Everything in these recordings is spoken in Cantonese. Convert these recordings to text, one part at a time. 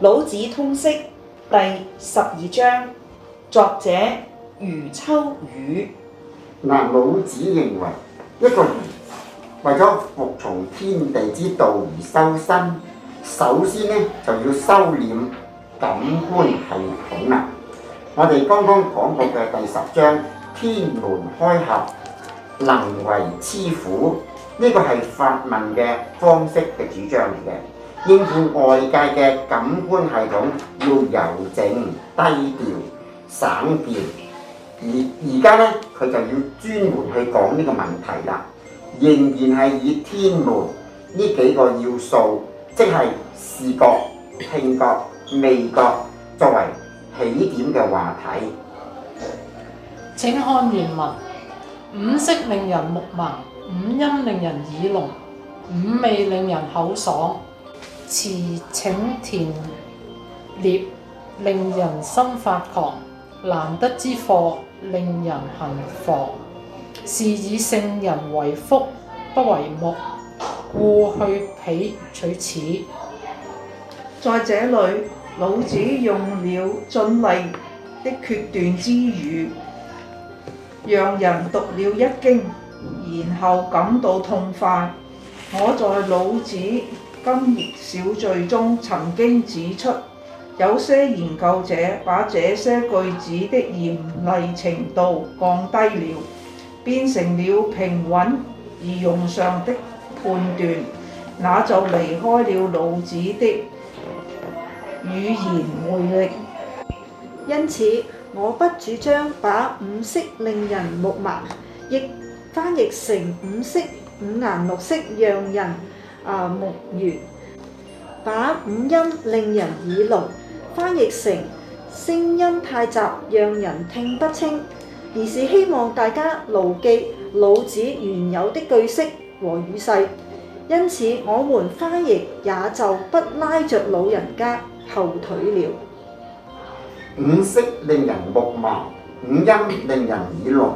老子通釋第十二章，作者余秋雨。老子認為一個人為咗服從天地之道而修身，首先呢就要修煉感官系統啦。嗯、我哋剛剛講過嘅第十章，天門開合，能為雌乎，呢、這個係發問嘅方式嘅主張嚟嘅。應付外界嘅感官系統要柔靜、低調、省電。而而家呢，佢就要專門去講呢個問題啦。仍然係以天門呢幾個要素，即係視覺、聽覺、味覺作為起點嘅話題。請看原文：五色令人目盲，五音令人耳聾，五味令人口爽。馳騁田獵，令人心發狂；難得之貨，令人行妨。是以聖人為腹不為目，故去彼取此。在這裡，老子用了峻厲的決斷之語，讓人讀了一驚，然後感到痛快。我在老子，今日小聚中曾經指出，有些研究者把這些句子的嚴厲程度降低了，變成了平穩而用上的判斷，那就離開了老子的語言魅力。因此，我不主張把五色令人目盲，譯翻譯成五色五顏六色讓人，啊木圓，把五音令人耳聾，翻譯成聲音太雜，讓人聽不清，而是希望大家牢記老子原有的句式和語勢，因此我們翻，翻譯也就不拉着老人家後腿了。五色令人目盲，五音令人耳聾，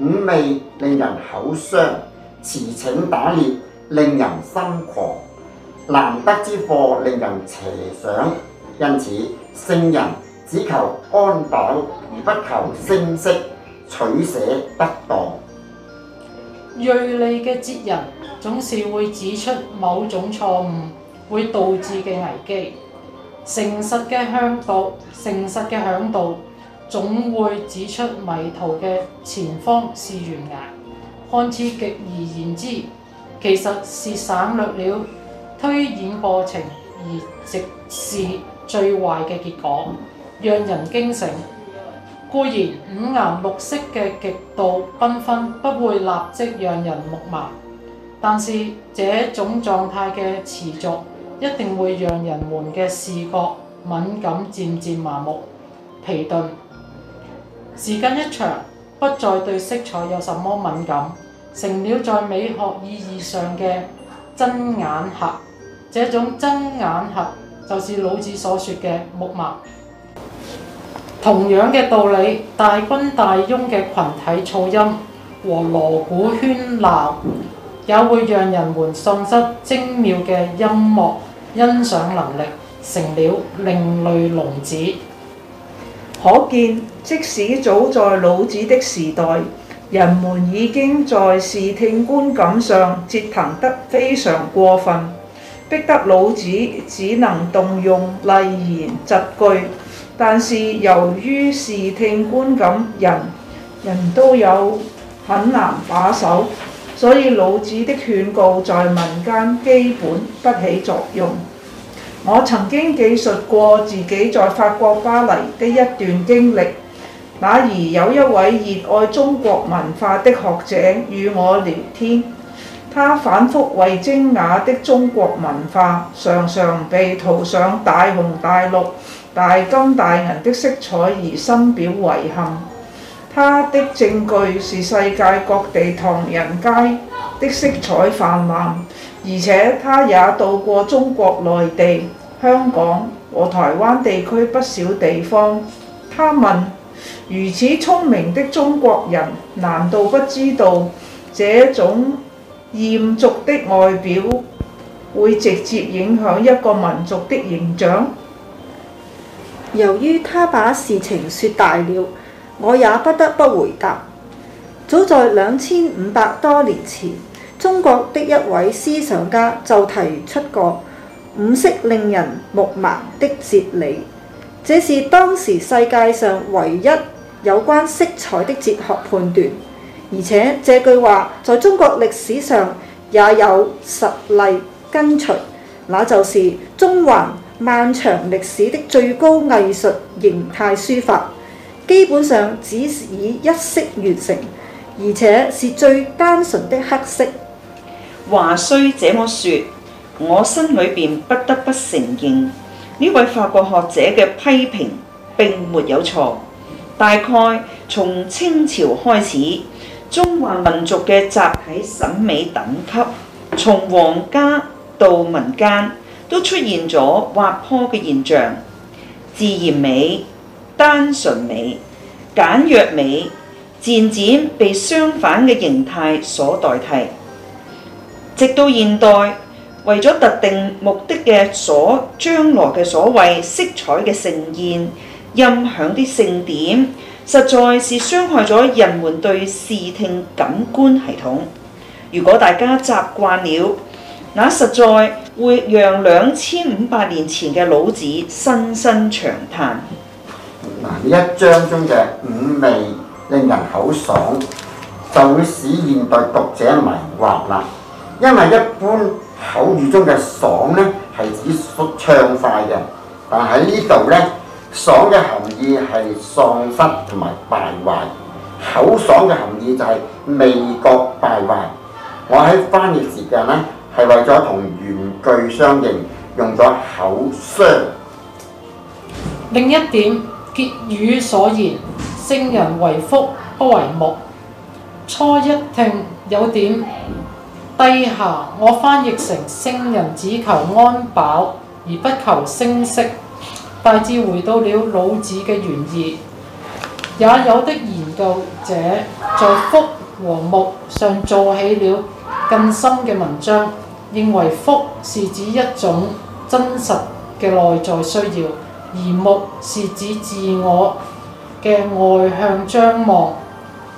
五味令人口傷，馳騁打獵，令人心狂，難得之貨令人邪想，因此聖人只求安飽而不求聲色，取捨得當。鋭利嘅哲人總是會指出某種錯誤會導致嘅危機，誠實嘅嚮導，誠實嘅嚮導總會指出迷途嘅前方是懸崖，看似極而言之。其實是省略了推演過程，而直視最壞嘅結果，讓人驚醒。固然五顏六色嘅極度繽紛不會立即讓人目盲，但是這種狀態嘅持續，一定會讓人們嘅視覺敏感漸漸漸麻木、疲頓。時間一長，不再對色彩有什麼敏感。成了在美學意義上嘅真眼瞎，這種真眼瞎就是老子所說嘅目盲。同樣嘅道理，大軍大傭嘅群體噪音和鑼鼓喧鬧，也會讓人們喪失精妙嘅音樂欣賞能力，成了另類聾子。可見，即使早在老子的時代，人們已經在視聽觀感上折騰得非常過分，逼得老子只能動用厲言窒句。但是由於視聽觀感人人都有，很難把守，所以老子的勸告在民間基本不起作用。我曾經記述過自己在法國巴黎的一段經歷。那兒有一位熱愛中國文化的學者與我聊天，他反复為精雅的中國文化常常被塗上大紅大綠大金大銀的色彩而深表遺憾。他的證據是世界各地唐人街的色彩泛濫，而且他也到過中國內地、香港和台灣地區不少地方。他問。如此聰明的中國人，難道不知道這種艷俗的外表會直接影響一個民族的形象？由於他把事情説大了，我也不得不回答。早在兩千五百多年前，中國的一位思想家就提出過五色令人目盲的哲理。這是當時世界上唯一有關色彩的哲學判斷，而且這句話在中國歷史上也有實例跟隨，那就是中華漫長歷史的最高藝術形態書法，基本上只是以一色完成，而且是最單純的黑色。話雖這麼說，我心裏邊不得不承認。呢位法國學者嘅批評並沒有錯，大概從清朝開始，中華民族嘅集體審美等級，從皇家到民間，都出現咗滑坡嘅現象，自然美、單純美、簡約美，漸漸被相反嘅形態所代替，直到現代。為咗特定目的嘅所將來嘅所謂色彩嘅盛宴、音響啲盛典，實在是傷害咗人們對視聽感官系統。如果大家習慣了，那實在會讓兩千五百年前嘅老子深深長嘆。嗱，呢一章中嘅五味令人口爽，就會使現代讀者迷惑啦，因為一般，口語中嘅爽呢，係指暢快嘅，但喺呢度呢，「爽嘅含義係喪失同埋敗壞。口爽嘅含義就係、是、味覺敗壞。我喺翻譯時間呢，係為咗同原句相應，用咗口傷。另一點，結語所言，聖人為腹不為目。初一聽有點低下，我翻譯成聖人只求安飽，而不求聲色，大致回到了老子嘅原意。也有的研究者在腹和目上做起了更深嘅文章，認為腹是指一種真實嘅內在需要，而目是指自我嘅外向張望。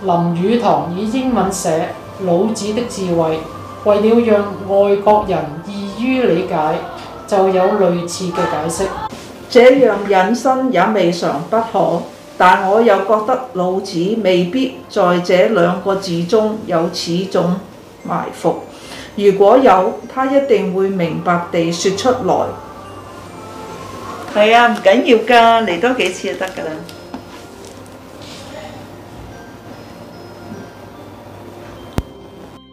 林語堂以英文寫《老子的智慧》。為了讓外國人易於理解，就有類似嘅解釋。這樣引申也未嘗不可，但我又覺得老子未必在這兩個字中有此種埋伏。如果有，他一定會明白地說出來。係啊、哎，唔緊要㗎，嚟多幾次就得㗎啦。